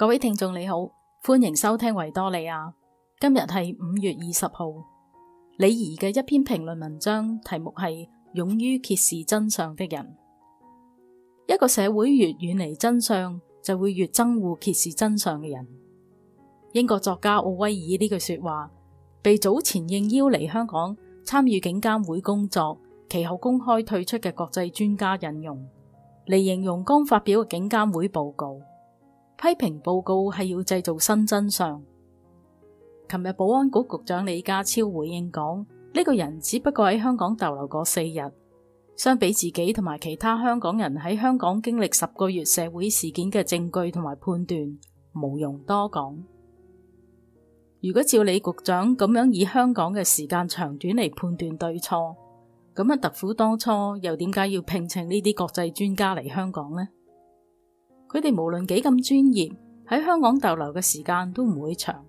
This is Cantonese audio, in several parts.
各位聽眾你好，歡迎收聽維多利亞。今日係五月二十號，李怡嘅一篇評論文章，題目係《勇於揭示真相的人》。一個社會越遠離真相，就會越憎惡揭示真相嘅人。英國作家奧威爾呢句說話，被早前應邀嚟香港參與警監會工作，其後公開退出嘅國際專家引用嚟形容剛發表嘅警監會報告。批評報告係要製造新真相。琴日保安局局長李家超回應講：呢個人只不過喺香港逗留過四日，相比自己同埋其他香港人喺香港經歷十個月社會事件嘅證據同埋判斷，毋庸多講。如果照李局長咁樣以香港嘅時間長短嚟判斷對錯，咁啊特府當初又點解要聘請呢啲國際專家嚟香港呢？佢哋無論幾咁專業，喺香港逗留嘅時間都唔會長。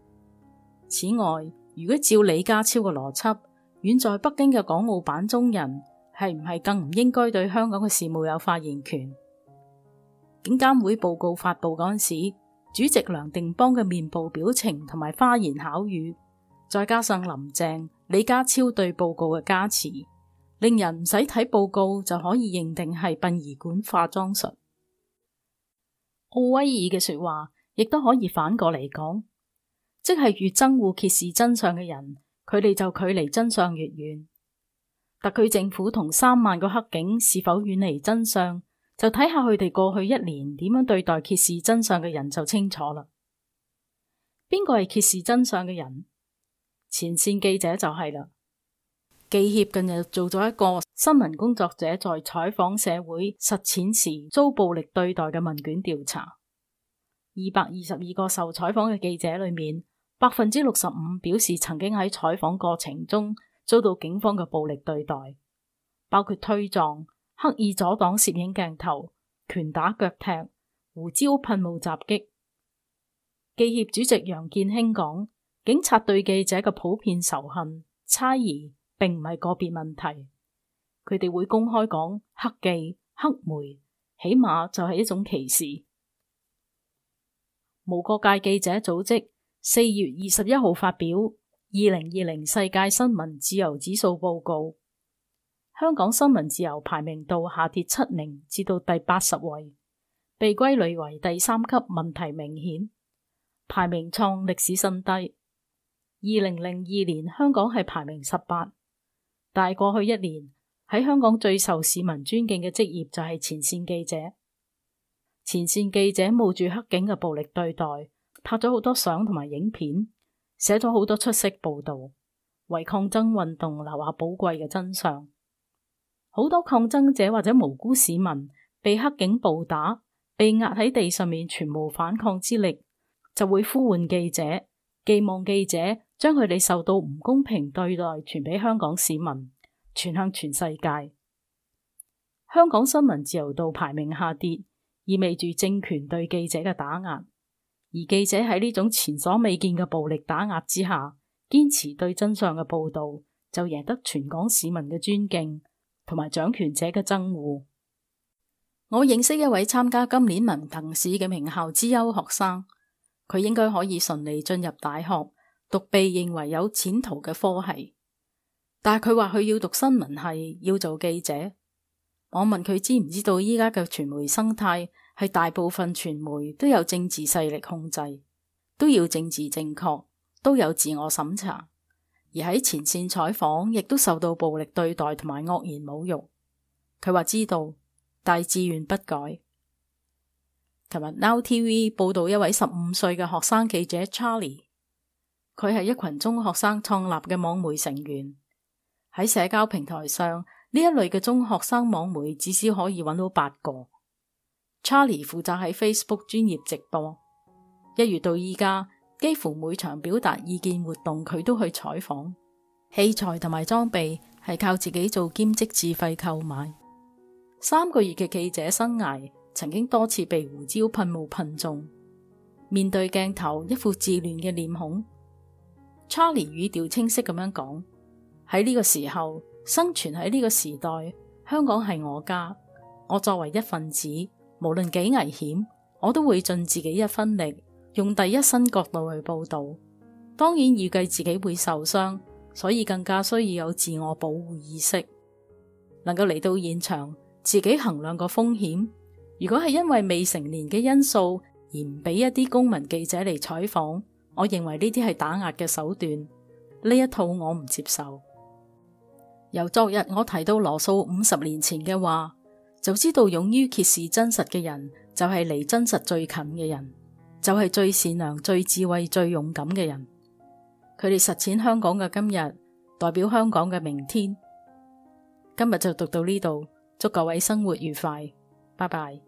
此外，如果照李家超嘅邏輯，遠在北京嘅港澳辦中人，係唔係更唔應該對香港嘅事務有發言權？警監會報告發佈嗰陣時，主席梁定邦嘅面部表情同埋花言巧語，再加上林鄭、李家超對報告嘅加持，令人唔使睇報告就可以認定係殯儀館化妝術。奧威爾嘅說話，亦都可以反過嚟講，即係越憎惡，揭示真相嘅人，佢哋就距離真相越遠。特區政府同三萬個黑警是否遠離真相，就睇下佢哋過去一年點樣對待揭示真相嘅人就清楚啦。邊個係揭示真相嘅人？前線記者就係啦。記協近日做咗一個新聞工作者在採訪社會實踐時遭暴力對待嘅問卷調查。二百二十二個受採訪嘅記者裏面，百分之六十五表示曾經喺採訪過程中遭到警方嘅暴力對待，包括推撞、刻意阻擋攝影鏡頭、拳打腳踢、胡椒噴霧襲擊。記協主席楊健興講：警察對記者嘅普遍仇恨、猜疑。並唔係個別問題，佢哋會公開講黑記、黑媒，起碼就係一種歧視。無國界記者組織四月二十一號發表《二零二零世界新聞自由指數報告》，香港新聞自由排名度下跌七名，至到第八十位，被歸類為第三級問題明顯，排名創歷史新低。二零零二年香港係排名十八。但過去一年，喺香港最受市民尊敬嘅職業就係前線記者。前線記者冒住黑警嘅暴力對待，拍咗好多相同埋影片，寫咗好多出色報道，為抗爭運動留下寶貴嘅真相。好多抗爭者或者無辜市民被黑警暴打，被壓喺地上面，全無反抗之力，就會呼喚記者，寄望記者。將佢哋受到唔公平對待傳俾香港市民，傳向全世界。香港新聞自由度排名下跌，意味住政權對記者嘅打壓。而記者喺呢種前所未見嘅暴力打壓之下，堅持對真相嘅報道，就贏得全港市民嘅尊敬同埋掌權者嘅憎惡。我認識一位參加今年文憑試嘅名校資優學生，佢應該可以順利進入大學。讀被認為有前途嘅科系，但係佢話佢要讀新聞系，要做記者。我問佢知唔知道依家嘅傳媒生態係大部分傳媒都有政治勢力控制，都要政治正確，都有自我審查，而喺前線採訪亦都受到暴力對待同埋惡言侮辱。佢話知道，但志願不改。琴日 now TV 報道一位十五歲嘅學生記者 Charlie。佢係一群中學生創立嘅網媒成員。喺社交平台上呢一類嘅中學生網媒至少可以揾到八個。Charlie 負責喺 Facebook 專業直播，一月到依家幾乎每場表達意見活動，佢都去採訪。器材同埋裝備係靠自己做兼職自費購買。三個月嘅記者生涯，曾經多次被胡椒噴霧噴中，面對鏡頭一副自戀嘅臉孔。查理語調清晰咁樣講：喺呢個時候，生存喺呢個時代，香港係我家。我作為一分子，無論幾危險，我都會盡自己一分力，用第一身角度去報道。當然預計自己會受傷，所以更加需要有自我保護意識。能夠嚟到現場，自己衡量個風險。如果係因為未成年嘅因素，而唔俾一啲公民記者嚟採訪。我認為呢啲係打壓嘅手段，呢一套我唔接受。由昨日我提到羅素五十年前嘅話，就知道勇於揭示真實嘅人，就係離真實最近嘅人，就係最善良、最智慧、最勇敢嘅人。佢哋實踐香港嘅今日，代表香港嘅明天。今日就讀到呢度，祝各位生活愉快，拜拜。